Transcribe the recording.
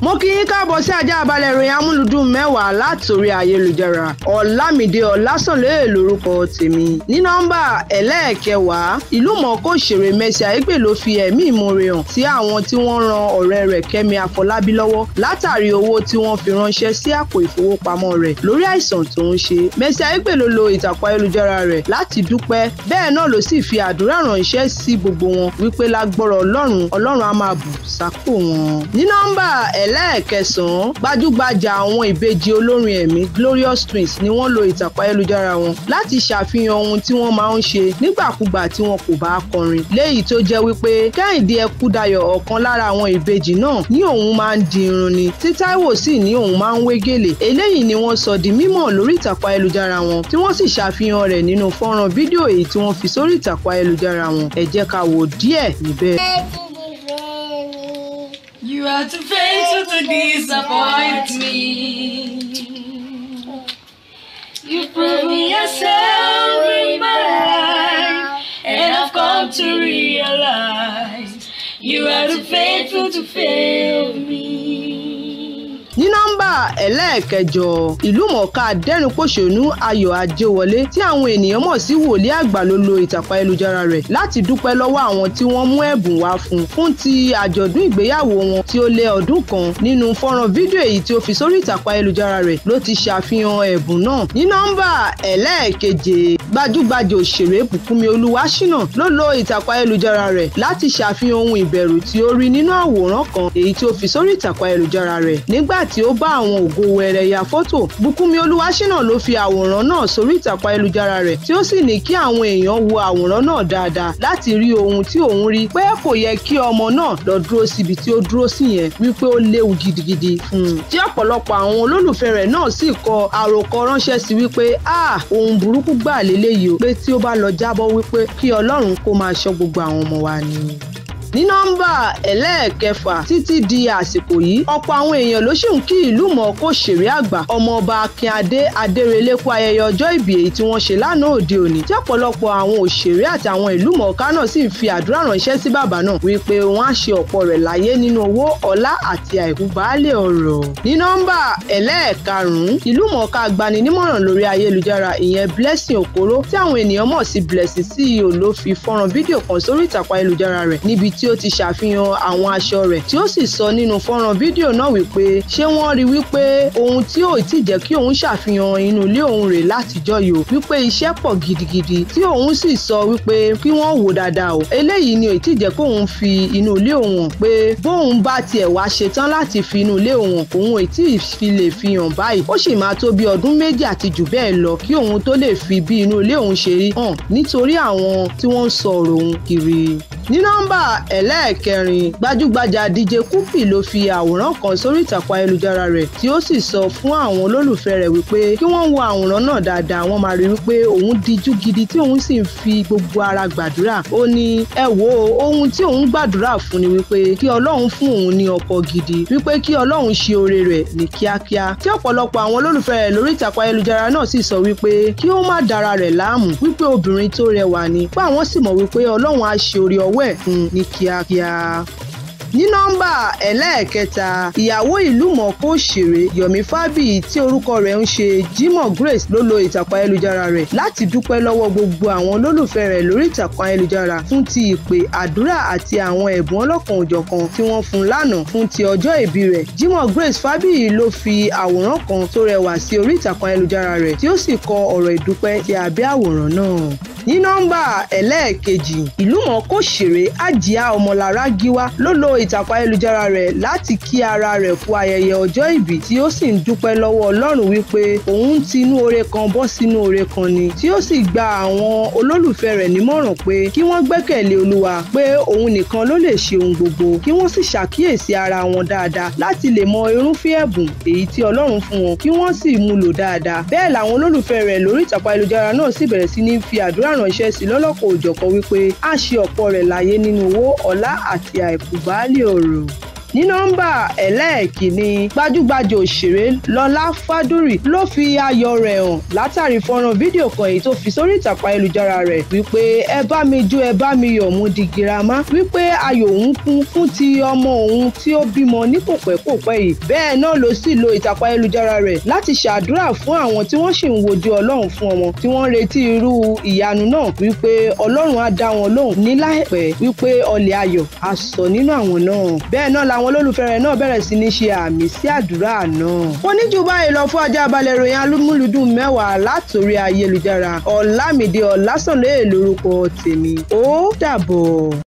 mo kí yín káàbọ̀ sí ajá balẹ̀ ìròyìn amúlùdùn mẹ́wàá látòrí ayélujára ọ̀làmídé ọ̀làsànlóye lórúkọ tèmi ní nọ́mbà ẹlẹ́ẹ̀kẹwàá ìlúmọ̀ọ́ká òṣèré Mercy Aigbe ló fi ẹ̀mí ìmoore hàn sí àwọn tí wọ́n ran ọ̀rẹ́ rẹ̀ Kẹ́mi Àfọlábí lọ́wọ́ látàrí owó tí wọ́n fi ránṣẹ́ sí àpò ìfowópamọ́ rẹ̀ lórí àìsàn tó ń ṣe fi àdúrà ránṣẹ́ sí gbogbo wọn wípé lágbọ́rọ̀ Ọlọ́run Ọlọ́run á máa bù ẹlẹ́ẹ̀kẹsàn-án gbajúgbajà àwọn ìbejì olórin ẹ̀mí Glorious Twins ni wọ́n lo ìtàkùn ayélujára wọn láti ṣàfihàn ohun tí wọ́n máa ń ṣe nígbàkúgbà tí wọn kò bá kọrin léyìí tó jẹ́ wípé Kẹ́hìndé Ẹkúdayọ̀ ọ̀kan lára àwọn ìbejì náà ní òun máa ń di irun ni tí Táíwò sì ní òun máa ń wé gèlè eléyìí ni wọ́n sọ di mímọ̀ lórí ìtàkùn ayélujára wọn tí wọ́n sì ṣàfihàn rẹ̀ nínú fọ́nrán fídíò èyí tí wọ́n fi sórí ìtàkùn ayélujára wọn ẹ jẹ́ ká wò díẹ̀ about to fail to disappoint me. You've proven yourself in my life, and I've come to realize you are too faithful to fail. ẹlẹ́ẹ̀kẹjọ ìlúmọ̀ọ́ká dẹ́rùnpòṣónú ayọ̀ ajéwọlé tí àwọn ènìyàn mọ̀ sí wòlíì àgbà ló lo ìtàpá ẹlùjára rẹ̀ láti dúpẹ́ lọ́wọ́ àwọn tí wọ́n mú ẹ̀bùn wá fún fún ti àjọ̀dún ìgbéyàwó wọn tí ó lé ọdún kan nínú fọ́nrán fídíò èyí tí ó fi sórí ìtàpá ẹlùjára rẹ̀ ló ti ṣàfihàn ẹ̀bùn náà ní nọ́mbà ẹlẹ́ẹ̀keje gbajúgbajà òṣèré Bùkúnmi Olúwaṣínà ló lo ìtàkùn ayélujára rẹ̀ láti ṣàfihàn ohun ìbẹ̀rù tí ó rí nínú àwòrán kan èyí tí ó fi sórí ìtàkùn ayélujára rẹ̀ nígbà tí ó bá àwọn àwọn ògo wẹrẹ ya fọ́tò Bùkúnmi Olúwaṣínà ló fi àwòrán náà sórí ìtàkùn ayélujára rẹ̀ tí ó sì ní kí àwọn èèyàn wo àwòrán náà dáadáa láti rí ohun tí òun rí pé kò yẹ kí ọmọ náà lọ dúró síbi tí ó dúró sí yẹn wípé ó léwu gidigidi fún un tí ọ̀pọ̀lọpọ̀ àwọn olólùfẹ́ rẹ̀ náà sì kọ àròkọ ránṣẹ́ sí wípé a ah, ohun burúkú gbà lélẹ́yìí o pé tí ó bá lọ jábọ́ wípé kí Ọlọ́run kó máa ṣọ́ gbogbo àwọn ọmọ wa ni ní nọ́mbà ẹlẹ́ẹ̀kẹfà títí di àsìkò yìí ọ̀pọ̀ àwọn èèyàn ló ṣì ń kí ìlú mọ̀ọ́kọ ṣèré àgbà ọmọọba akínadé adérelé kú ayẹyẹ ọjọ́ ìbí èyí tí wọ́n ṣe lánàá òde òní tí ọ̀pọ̀lọpọ̀ àwọn òṣèré àti àwọn ìlú mọ̀ọ́ká náà sì ń fi àdúrà ránṣẹ́ sí bàbá náà wípé wọ́n á ṣe ọ̀pọ̀ rẹ̀ láyé nínú owó ọlá àti àìkú ọ̀rọ̀ ní blessing okoro tí àwọn ènìyàn mọ̀ blessing ceo ló fi fọ́nrán fídíò kan sórí ìtàkùn ayélujára rẹ̀ tí ó ti ṣàfihàn àwọn aṣọ rẹ̀ tí ó sì sọ nínú fọ́nrán fídíò náà wípé ṣé wọ́n rí wípé ohun tí ò tí jẹ́ kí òun ṣàfihàn inú ilé òun rè látijọ́ yìí wípé iṣẹ́ pọ̀ gidigidi tí òun sì sọ wípé kí wọ́n wò dáadáa o eléyìí ni ò tí jẹ́ kó òun fi inú ilé òun hàn pé bóun bá tiẹ̀ wá ṣetán láti fi inú ilé òun òun ò tí ì fi lè fi hàn báyìí ó sì máa tó bí ọdún méjì àti jù bẹ́ẹ̀ lọ kí òun tó lè fi bí inú ilé òun ṣe rí hàn nítorí àwọn tí wọ́n ń sọ ọ̀rọ̀ òun kiri ní nọ́mbà ẹlẹ́ẹ̀kẹrin gbajúgbajà dj kúpì ló fi àwòrán kan sórí ìtàkùn ayélujára rẹ̀ tí ó sì sọ fún àwọn olólùfẹ́ rẹ̀ wípé kí wọ́n wo àwòrán náà dáadáa wọ́n máa rí wípé òun dijú gidi tí òun sì ń fi gbogbo ara gbàdúrà ó ní ẹ wo ohun tí òun gbàdúrà fún ni wípé kí ọlọ́run fún òun ní ọkọ gidi wípé kí ọlọ́run ṣe oore rẹ̀ ní kíákíá tí ọ̀pọ̀lọpọ̀ àwọn olólùfẹ́ rẹ̀ lórí ìtàkùn ayélujára náà sì sọ wípé kí ó má dára rẹ̀ láàmú wípé obìnrin tó rẹwà ni pé àwọn sì mọ̀ wípé ọlọ́run á ṣe oore ọw ẹ̀ fún un ní kíákíá ní nọ́mbà ẹlẹ́ẹ̀kẹta ìyàwó ìlú mọ̀ọ́ká òṣèré Yomi Fabiyi tí orúkọ rẹ̀ ń ṣe Jimoh Grace ló lo ìtàkùn ayélujára rẹ̀ láti dúpẹ́ lọ́wọ́ gbogbo àwọn olólùfẹ́ rẹ̀ lórí ìtàkùn ayélujára fún ti ìpè àdúrà àti àwọn ẹ̀bùn ọlọ́kan òjọ̀kan tí wọ́n fún lánàá fún ti ọjọ́ ìbí rẹ̀ Jimoh Grace Fabi ló fi àwòrán kan tó rẹwà sí orí ìtàkùn ayélujára rẹ̀ tí ó sì kọ ọ̀rọ̀ ìdúpẹ́ sí abẹ́ àwòrán náà ní nọ́mbà ẹlẹ́ẹ̀kejì ìlúmọ̀ọ́kọ́ṣèré Àjíà Ọmọlára Gíwá ló lo ìtàkùn ayélujára rẹ̀ láti kí ara rẹ̀ kú ayẹyẹ ọjọ́ ìbí tí ó sì ń dúpẹ́ lọ́wọ́ Ọlọ́run wípé òun ń tinú oore kan bọ́ sínú oore kan ni tí ó sì gba àwọn olólùfẹ́ rẹ̀ nímọ̀ràn pé kí wọ́n gbẹ́kẹ̀lé Olúwa pé òun nìkan ló lè ṣe ohun gbogbo kí wọ́n sì ṣàkíyèsí ara wọn dáadáa láti lè mọ irúfẹ́ ẹ̀bùn èyí tí Ọlọ́run fún wọn kí wọ́n sì mú lò dáadáa bẹ́ẹ̀ làwọn olólùfẹ́ rẹ̀ lórí Baálé room. ní nọ́mbà ẹlẹ́ẹ̀kìnní gbajúgbajà òṣèré Lọlá Fádúrì ló fi ayọ̀ rẹ̀ hàn látàrí fọ́nrán fídíò kan èyí tó fi sórí ìtàkùn ayélujára rẹ̀ wípé ẹ bá mi jó ẹ bá mi yọ̀ mo di girama wípé ayọ̀ òun kún fún ti ọmọ òun tí ó bímọ ní kòpẹ́kòpẹ́ yìí bẹ́ẹ̀ náà ló sì lo ìtàkùn ayélujára rẹ̀ láti ṣàdúrà fún àwọn tí wọ́n sì ń wojú Ọlọ́run fún ọmọ tí wọ́n ń retí irú ìyanu náà wípé Ọlọ́run á dá wọn lóhùn ní láìpẹ́ wípé ọlẹ̀ ayọ̀ á sọ nínú àwọn náà bẹ́ẹ̀ náà la àwọn olólùfẹ́ rẹ̀ náà bẹ̀rẹ̀ sí ní ṣe àmì sí àdúrà náà. mo báyìí lọ fún ajá balẹ̀ ìròyìn alúmúlùdùn mẹ́wàá látòrí ayélujára ọ̀làmìdí ọ̀làsànlẹ̀ lórúkọ tèmi ó dàbọ̀.